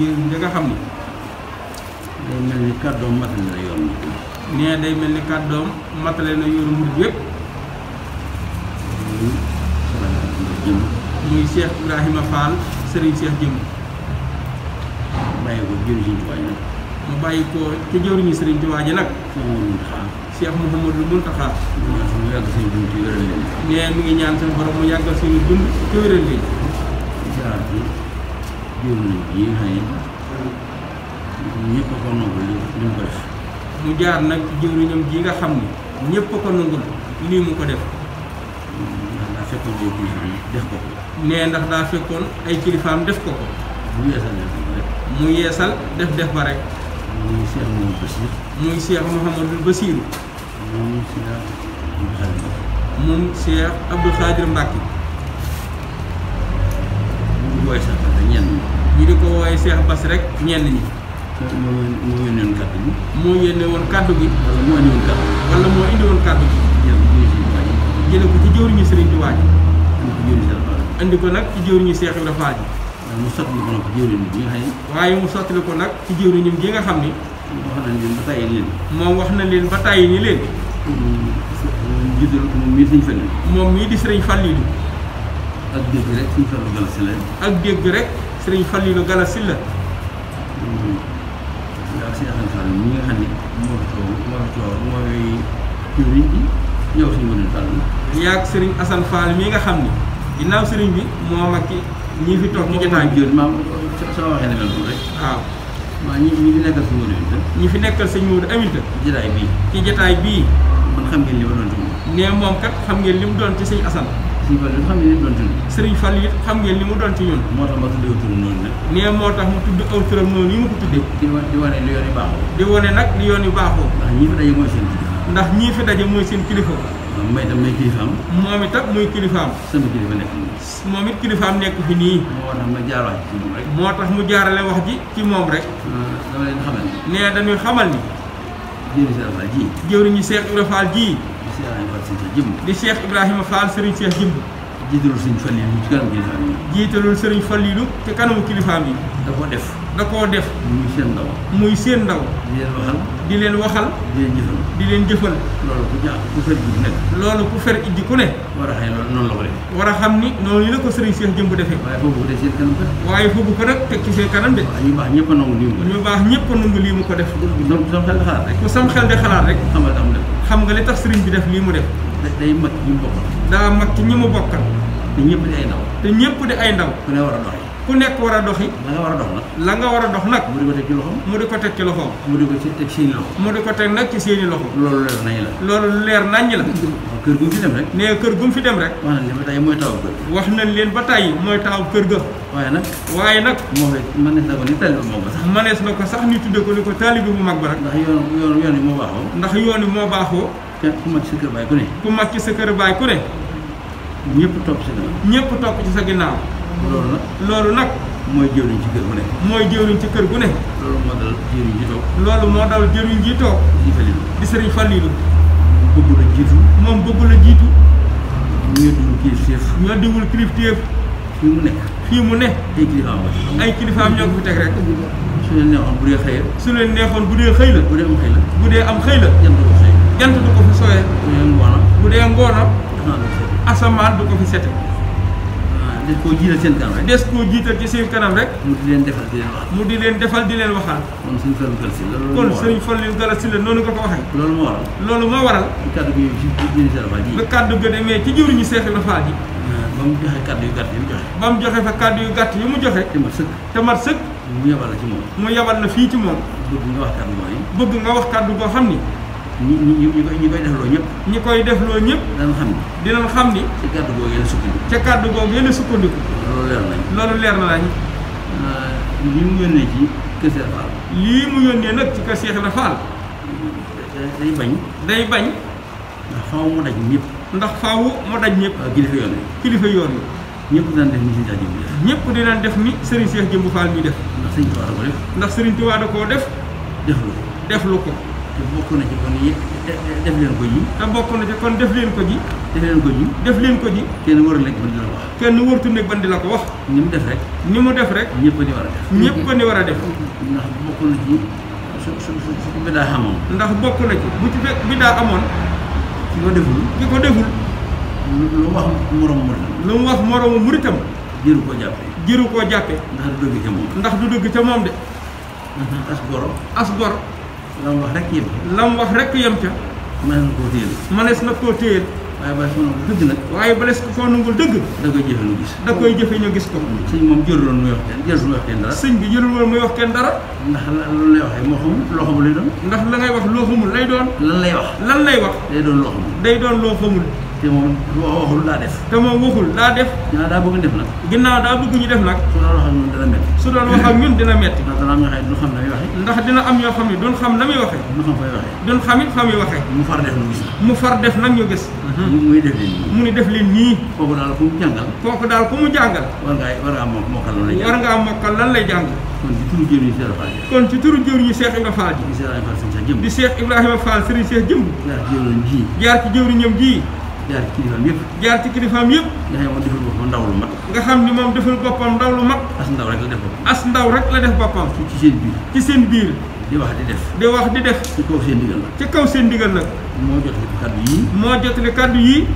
jëw ñi nga xam ne day mel ni kàddoom matale na yoon nee day mel ni kàddoom matale na yoonu murid yépp muy Cheikh Ibrahima Fall Serigne Cheikh Jëm bàyyi ci waaj nag mu bàyyi ko ca jëriñu Serigne ci waaj nag Cheikh Mouhamadou Mountakha nee mu ngi ñaan seen borom mu yàggal suñu dund ci wéral leen jiw yi nga xam ne ñëpp ko nangu li ko def. mu nag jëwriñam nga xam ni lii mu ko def. ndax daa fekkoon ay kilifaam nee ndax daa fekkoon ay kilifaam def ko ko. mu yeesal def ba rek. def ba rek. muy Cheikh Mouhamadou Bassir. muy Cheikh Mouhamadou Bassirou. moom Cheikh Abdou Khadir koy santal rek ñenn ñi di ko wooye Cheikh Bass rek ñenn ñi moo moo yónnee woon moo yónnee woon kàddu gi moo indi woon kàddu wala moo indi woon kàddu gi yàlla ko ci jëwriñu sëriñ di waaj indi nag ci jëwriñu Cheikh Ibrahima Fall ji waaye mu sotti ko nag ci jëwriñu bi nga xam nga xam ni wax nañ leen wax na leen ba tàyyi ni leen jiital moom mii sëriñ Fallilu moom mii di ak dégg rek ak dégg rek sëriñ Fallou Gallassi la. Hmm. ndax si Assane Fall mi nga xam ne moo fi si Modou yaa ak sëriñ Assane Fall mi nga xam ni ginnaaw sëriñ bi moo mag ñi fi toog ñu jotaay bi maam soo waxee ne mel rek. waaw. waaw ñi ñi fi nekkal sëñ Modou Aminta. ñi fi nekkal sëñ Modou Aminta. ci bii. ci jotaay bii. man xam ngeen li ma doon ci moom. moom kat xam ngeen li mu doon ci sëñ Assane. sëriñ Fall xam xam ngeen li mu doon ci ñun. moo tax ma moo tax mu tudd aw turam noonu yi ma ko yoon yu baaxoo. di wane nag li yoon yu baaxoo. ndax ñii fi daje mooy seen kilifa. ndax ñii fi mooy seen kilifa. may tam may kilifaam. moom kilifa nekk it kilifaam nekk fi nii. moo tax ma jaarale moo tax mu jaarale wax ji ci moom rek. dama leen xamal. nee dañuy xamal ni. jëwriñu Seex Ibra Fall ji. jëwriñu Seex ji di Cheikh Ibrahima Fall Serigne Cheikh Jëmb. jiitalul Serigne Fallilu ci kanamu kilifaam yi. jiitalul Serigne Fallilu ci kanamu kilifaam yi. da koo def. da koo def. muy seen ndaw. muy seen ndaw. di leen waxal. di leen di leen jëfal. di leen jëfal. loolu ku ja ku fer ji nekk. loolu ku fer ji ku ne. war a xëy loolu noonu la ko def. war a xam ni noonu la ko Serigne Cheikh Jëmb defee. waaye foofu seen kanam kat. waaye foofu ko nag teg ci seen kanam de. waaw ñu baax ñëpp a nangu lii mu ko def. baax ñëpp a lii mu ko def. ku sam xel de xalaat rek. ku sam xel de xalaat rek. xam nga li tax sëriñ bi def lii mu def. day mag ñi mu bokkal. daa mag ci ñi mu bokkal. te ñëpp di ay ndaw. te ñëpp di ay ndaw. ku ne war a doxee. ku nekk war a doxi la nga war a dox nag la nga war a dox nag mu di ko teg ci loxoom mu di ko teg ci loxoom mu di ko teg seeni loxo mu di ko teg nag ci seeni loxo loolu leer nañ la loolu leer nañ la kër gu mu fi dem rek nee kër gu mu fi dem rek wax nañ leen ba tàyyi mooy taw kër wax nañ leen ba tàyyi mooy taw kër ga waaye nag waaye nag moo fay mënees na ko ni taalibe bu mag ba sax mënees na ko sax ñu tudde ko ni ko taalibe bu mag ba rek ndax yoon yoon yi moo baaxoo ndax yoon yi moo baaxoo ku mag ci sa kër baay ku ne ku mag ci sa kër baay ku ne ñëpp topp ci ginnaaw ñëpp topp ci sa ginnaaw loolu nag loolu nag mooy jëwriñ ci kër gu ne mooy jëwriñ ci kër bu ne loolu moo dal jëwriñ ji toog loolu moo dal di Falilu di sëriñ Falilu bëgg la jiitu moom bëgg jiitu ñoo diwul kilifteef ñoo diwul kilifteef fii mu ne fii mu ne ay kilifaam ay kilifaam ñoo ko fi teg rek su leen neexoon bu dee xëy su leen neexoon bu dee xëy bu dee am xëy la bu dee am xëy la jant du ko fi jant du ko bu dee ngoona bu asamaan du ko fi sete des koo jiital seen kanam rek. des koo jiital ci seen rek. mu di leen defal di leen waxal. mu di leen defal di leen waxal. kon sëñ Fallou Gala si la loolu moo waral kon sëñ si la noonu nga ko waxee. loolu moo waral. loolu moo waral. kàddu gi ci jiw ji ba kàddu gi demee ci jiwriñu Seex Ibra Faal ji. ba mu joxe kàddu yu gàtt yi mu joxe. ba mu joxe fa kàddu yu gàtt yi mu joxe. te mat sëkk te mat sëkk. mu yabal la ci fii ci moom. bëgg nga wax kàddu boobu. nga wax kàddu boo xam ni ñi ñi ñi koy ñi koy defloo ñëpp. ñi koy defloo ñëpp. dinañ xam ni. dinañ xam ni. ci kàddu googu yéen a sukkandiku. ca kàddu googu yéen a sukkandiku. loolu leer nañ. loolu leer na lañ. Euh, lii mu yónnee ci kër Cheikh Fall. lii mu yónnee nag ci kër Cheikh Ibra Fall. day bañ. day bañ. ndax faaw mu daj ñëpp. ndax faaw mu daj ñëpp. kilifa yoon yi kilifa yoon yi. ñëpp dinañ def ni Serigne Cheikh Jëmbu def. ñëpp dinañ def ni Serigne Cheikh Jëmbu Fall mi def. ndax Serigne Touba da koo def. ndax Serigne Touba da koo def. deflu ko deflu ko. te bokk na ci kon yi def leen ko ji te bokk na ci kon def leen ko ji def leen ko ji def leen ko ji kenn waru nekk ban di la ko wax kenn wartu nekk ban di la ko wax ni mu def rek ni mu def rek ñëpp a ni war a def ñëpp a ni war a def ndax bokk na ci su su su bi daa amoon ndax bokk na ci bu ci fekk bi daa amoon ki ko deful ki ko deful lu mu wax moroom muritam lu mu wax moroomu muritam jëru koo jàppe jëru koo jàppe ndax du dëgg ca moom ndax du dëgg ca moom de mm-hmm. as goro as goro la mu wax rek yem ca. la mu wax rek yem ca. mënees na koo téyel. mënees na koo téyel. waaye bala foo nangul dëgg nag. waaye bala foo nangul dëgg. da koy jëfe ñu gis. da koy jëfe ñu gis ko. sëñ moom jërul woon muy wax kenn jërul muy wax kenn dara. sëñ bi jërul woon muy wax kenn dara. ndax lan lay waxee moo xamul loo xamul ndax la ngay wax loo xamul lay doon. lan lay wax lan lay wax. day doon loo xamul. day doon loo xamul. te moom waxul laa def te moom waxul laa def ginnaaw daa bëgg def nag ginnaaw daa bëgg ñu def nag su doon wax ak ñun dina metti su doon wax ak ñun dina metti ndax dina am ñoo xam ne duñ xam la muy waxee ndax dina am ñoo xam ne duñ xam la muy waxee duñ xam fay xam it fa mu far def nag ñu gis muy def leen nii mu ni def leen nii kooku daal ku mu jàngal kooku daal ku mu jàngal war ngaa war ngaa mokkal lan lay lan lay jàng kon ci turu jëw ñu Seex Fall ji kon ci turu jëw ñu Seex Ibrahima Fall ji Seex Ibrahima jaar ci kilifaam yëpp jaar ci kilifaam yëpp nga xam moom defal boppam ndaw lu mag nga xam ni moom defal boppam ndaw lu mag as ndaw rek la def boppam as ndaw rek la def boppam ci seen biir ci seen biir di wax di def di wax di def ci kaw seen ndigal nag ci kaw seen ndigal nag moo jot kaddu yii moo jotali kaddu yii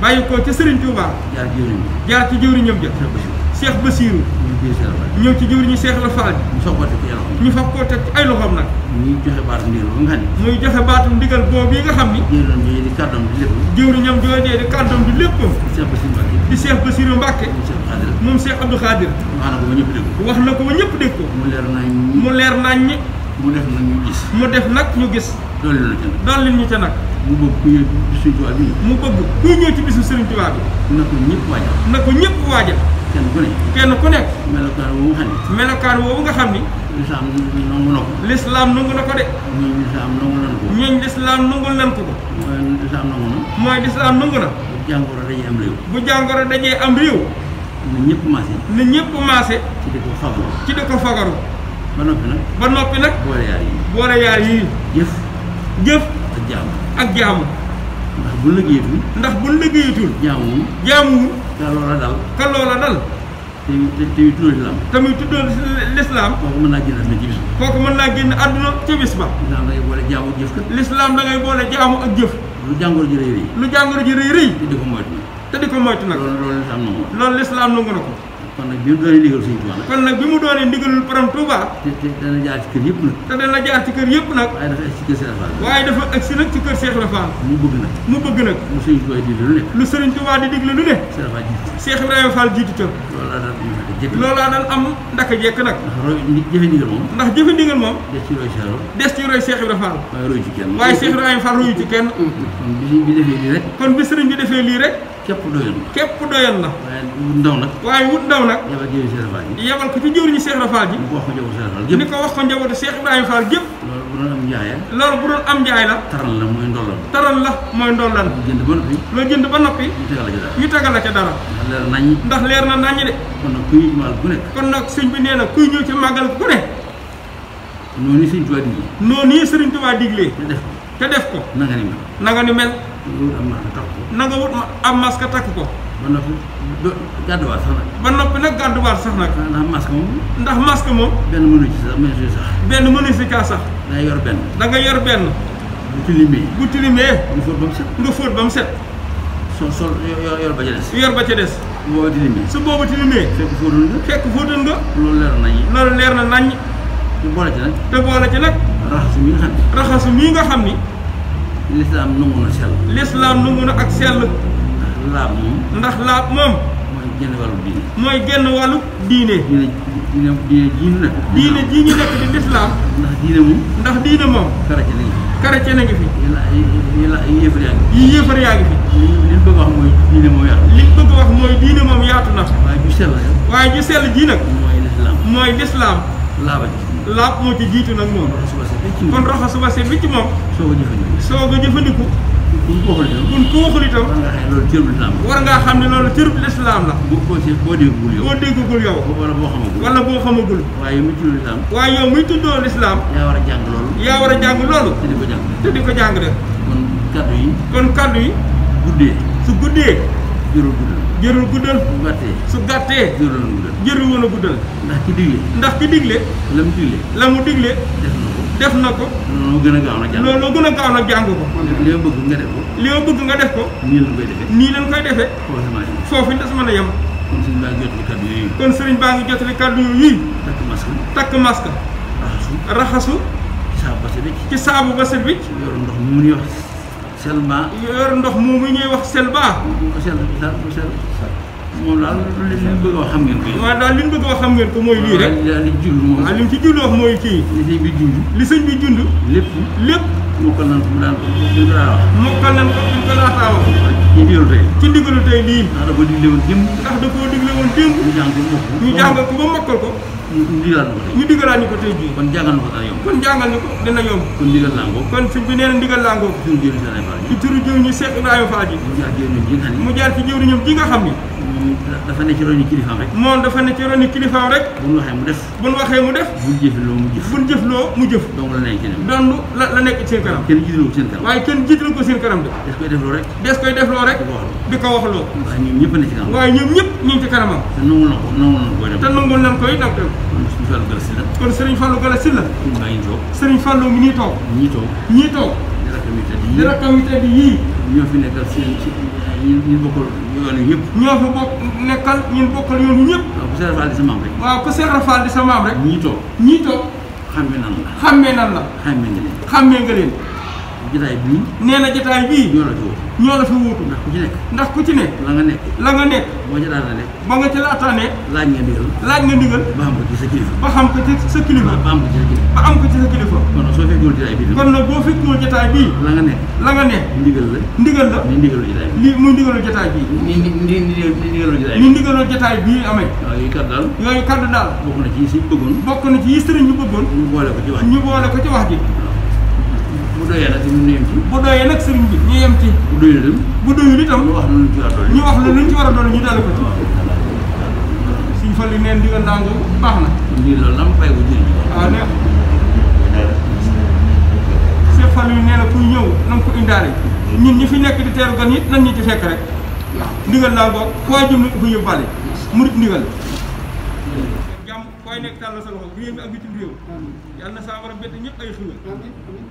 bàyyi ko ci Sëriñ Tuubaa bàyyi ko ci Sëriñ Tuubaa jaar ci jëwriñam jaar ci ja Cheikh Bassirou ñëw ci jëwriñu Seex Ibra Faal ñu soog koo teg ci ay ñu fab koo teg ci ay loxoom nag muy joxe baatum ndigal ba xam ne muy joxe baatum ndigal boobu yi nga xam ni jëwriñam jooju di kàddoom di lépp jëwriñam jooju di kàddoom di lépp di Seex Basiru Mbàkke moom Seex Abdou Xaadir na ko ba mu leer nañ mu def nag ñu gis mu def nag ñu gis dolli ñu ca nag dolli ñu mu bëgg ku ñëw ci bisu Sëriñ Tuubaa bi mu bëgg ku ci bisu Sëriñ Tuubaa bi na ko ñëpp waajal na ko ñëpp waajal kenn ku ne. kenn ku nekk. melokaan woowu nga xam ne melokaan woowu nga xam ni. lislaam nangu na ko. lislaam na ko de. ñooñ lislaam nangu nan ko. ñooñ lislaam nangul mooy lislaam nangu na. na. bu jàngoro dajee am réew. bu jàngoro dajee am réew. na ñëpp maase. na ñëpp maase. ci di ko fagaru. ba noppi nag. ba noppi nag. boole yaar yii. boole yaar yii. jëf. jëf. ak jaamu. ndax bu liggéeyatul. ndax bu liggéeyatul. jaamuwul jaamuwul. te loola dal. te loola dal. te muy tuddoo lislaam. te muy tuddoo lislaam. kooku mën naa génn àdduna ci bis ba. kooku mën naa génn àdduna ci bis ba. lislaam da ngay boole jaamu ak jëf kat. lislaam da ak jëf. lu jàngoro ji rëy rëy. lu jàngoro ji rëy rëy. te di ko moytu nag. te di ko moytu nag. loolu loolu lislaam na ko. loolu ko. kon nag bi mu doonee ndigal sëñ Tuubaa nag kon nag bi mu doonee ndigalul borom Tuubaa te te dana jaar ci kër yëpp nag te dana jaar ci kër yëpp nag waaye dafa agsi ci kër nag ci kër Cheikh Rafal di lu ne lu sëriñ Tuubaa di digle lu ne Cheikh Ibrahima jiitu ca loolaa daan am ndaka jekk nag ndax jëfe ndigal moom des ci roy Cheikh des waaye royu ci kenn royu ci kenn kon bi sëriñ bi defee lii rek kon bi defee lii rek képp doyoon na. képp doyoon na. waaye wut ndaw nag. waaye wut ndaw nag. yabal ko ci jëriñu Cheikh Fall ji. ni ko wax ko njabootu Cheikh Fall gépp. ni loolu bu doon am njaay la. loolu la. mooy ndollan. taral la mooy ndollan. loo jënd ba noppi. loo jënd ba noppi. ñu tegal la ca dara. ndax leer nañ. ndax leer na nañ de. kon nag kuy maal ku nekk. kon nag sëñ bi nee na kuy ñëw ci màggal ku ne. noonu sëriñ Tuubaa digle. te def ko. na ni mel. na ni mel. na nga wut am masque takk ko. ba noppi do gàdduwaat sax nag. ba noppi nag gàdduwaat sax nag. ndax masque moom. ndax masque moom. benn mënu ci sax mënu ci sax. benn mënu ci kaa sax. yor benn. da nga yor benn. bu tilimee. bu tilimee. nga fóot ba mu set. nga fóot ba mu set. sol sol yor ba ca des. yor ba ca des. su boobu tilimee. su boobu tilimee. fekk fóotoon nga. fekk fóotoon nga. loolu leer nañ. loolu leer na nañ. te boole ci nag. te boole ci nag. raxasu mi nga xam ni. raxasu nga xam ni. lislaam nangu na sell. lislaam nangu na ak sell. ndax laab moom. ndax laab moom. mooy genn wàllu diine. mooy genn wàllu diine. diine di lislaam. ndax diine moom. ndax moom. karate na ngi fi. karate na ngi fi. yi la yaa ngi fi. yi yéefar yaa ngi fi. li ñu wax mooy diine moom yaatu. li ñu bëgg wax mooy diine moom yaatu na. waaye ju sell waaye ju sell ji nag. mooy lislaam mooy lislaam. laaba ji. laab moo ci jiitu nag moom. kon raxas suba set bi ci moom. soo a jëfandiku. kun ko waxul itam war ngaa xam ne loolu cërub lislaam la boo déggagul yow boo déggagul yow wala boo xamagul wala boo xamagul waaye muy tuddoo lislaam waaye yow muy tuddoo lislaam yaa war a jàng loolu yaa war a jàng loolu te di ko jàng te di ko jàng de kon kaddu yi kon kaddu yi guddee su guddee jërul guddal jërul guddal su gàttee jërul woon a guddal jërul woon a guddal ndax ki digle ndax ki digle la mu digle la mu digle def na ko loolu gën a gaaw nag jàng loolu gën a gaaw nag jàng ko li ma bëgg nga def ko li ma bëgg nga def ko nii la koy defee nii lañ koy defee foofu des mën a yem kon sëriñ baa ngi jotali kaddu yooyu kon sëriñ baa ngi jotali kaddu yooyu takk masque raxasu ci saabu ba set wicc ci saabu ba set wicc yor ndox mu ñuy wax Selma. yor ndox moomu ñuy wax Selma. moom mu sell daal mu sell. moom daal li li bëgg a wax daal li mu bëgg a mooy lii rek. li jull moom. mu ci jull mooy kii. li sëñ bi jund. li sëñ bi jund. lépp ko mu daan ko mu daan wax. ci ndigalu tey ci ndigalu tey lii ndax da koo digle woon démb ndax da koo digle woon démb ñu jàng ko mokkal ñu jàng ko ba mokkal ko ñu digalaat ñu ko tey ko tey jii kon jàngal ñu ko dana yomb kon jàngal ñu ko dina yomb kon ndigal làngoo kon fi bi nee na ndigal làngoo ci turu jëw ñu Seex Ibrahima Fall ji mu jaar ci jëwriñam ji nga xam ni dafa ne ci roni kilifaam rek moom dafa ne ci roni kilifaam rek buñ waxee mu def buñ waxee mu def buñ jëfloo mu jëf buñ mu jëf donc la la la nekk ci seen kanam kenn jiitalu ko seen kanam kenn jiitalu ko seen kanam de des koy defloo rek des ñëpp ne ci kanam waaye ñoom ñëpp kon Serigne Fallou Gala Sylla kon Serigne Fallou Gala Sylla Serigne Fallou mi ñuy toog ñii toog ñii toog ñun ñun bokkal yoon yi ñëpp. ñoo fi bokk nekkal ñun bokkal yoon yi ñëpp. waaw ku seer faal di sa maam rek. waaw ku seer faal di sa maam rek. ñii toog ñii toog. xàmmee nan la xàmmee nan la. xàmmee nga leen xàmmee jotaay bii nee na jotaay bii ñoo la fi wóotu ñoo la fi ndax ku ci nekk ndax ku ci nekk la nga nekk la nga nekk moo ca daana nekk ba nga ca laataane laaj nga nga ndigal ba sa ba sa sa kilifa ba am ko ci sa kilifa kon bii boo fekkul jotaay bii la nga nekk la nga nekk ndigal la ndigal la mu ndigalu jotaay bi lii muy ndigalu jotaay bii ni ndigalu jotaay ni ndigalu jotaay bii amee yooyu kaddu daal yooyu kaddu daal bokk na ci si bëggoon bokk na ci yi ñu bëggoon ñu boole ko ci wax ñu boole ko ci wax ji bu doyee nag ñu yem ci. bu doyee nag sëriñ bi ñu yem ci. bu doyul itam. bu doyul itam ñu wax lu ñu ci war a doon ñu wax lu ñu ci war a doon ñu dal ko ci. suñ fa li neen di nga ndànk baax na. lii loolu la mu fay ko jëriñ. waaw ah, ne Cheikh Fallou nee na kuy ñëw na nga ko indaale ñun ñi fi nekk di teeru gan yi nan ñu ci fekk rek. waaw ndigal laa ko foo jëm ko yóbbaale. murit ndigal. jàmm fooy nekk tàll sa loxo réew mi ak bitim réew. yàlla na saa war a bett ñëpp ay xéwal.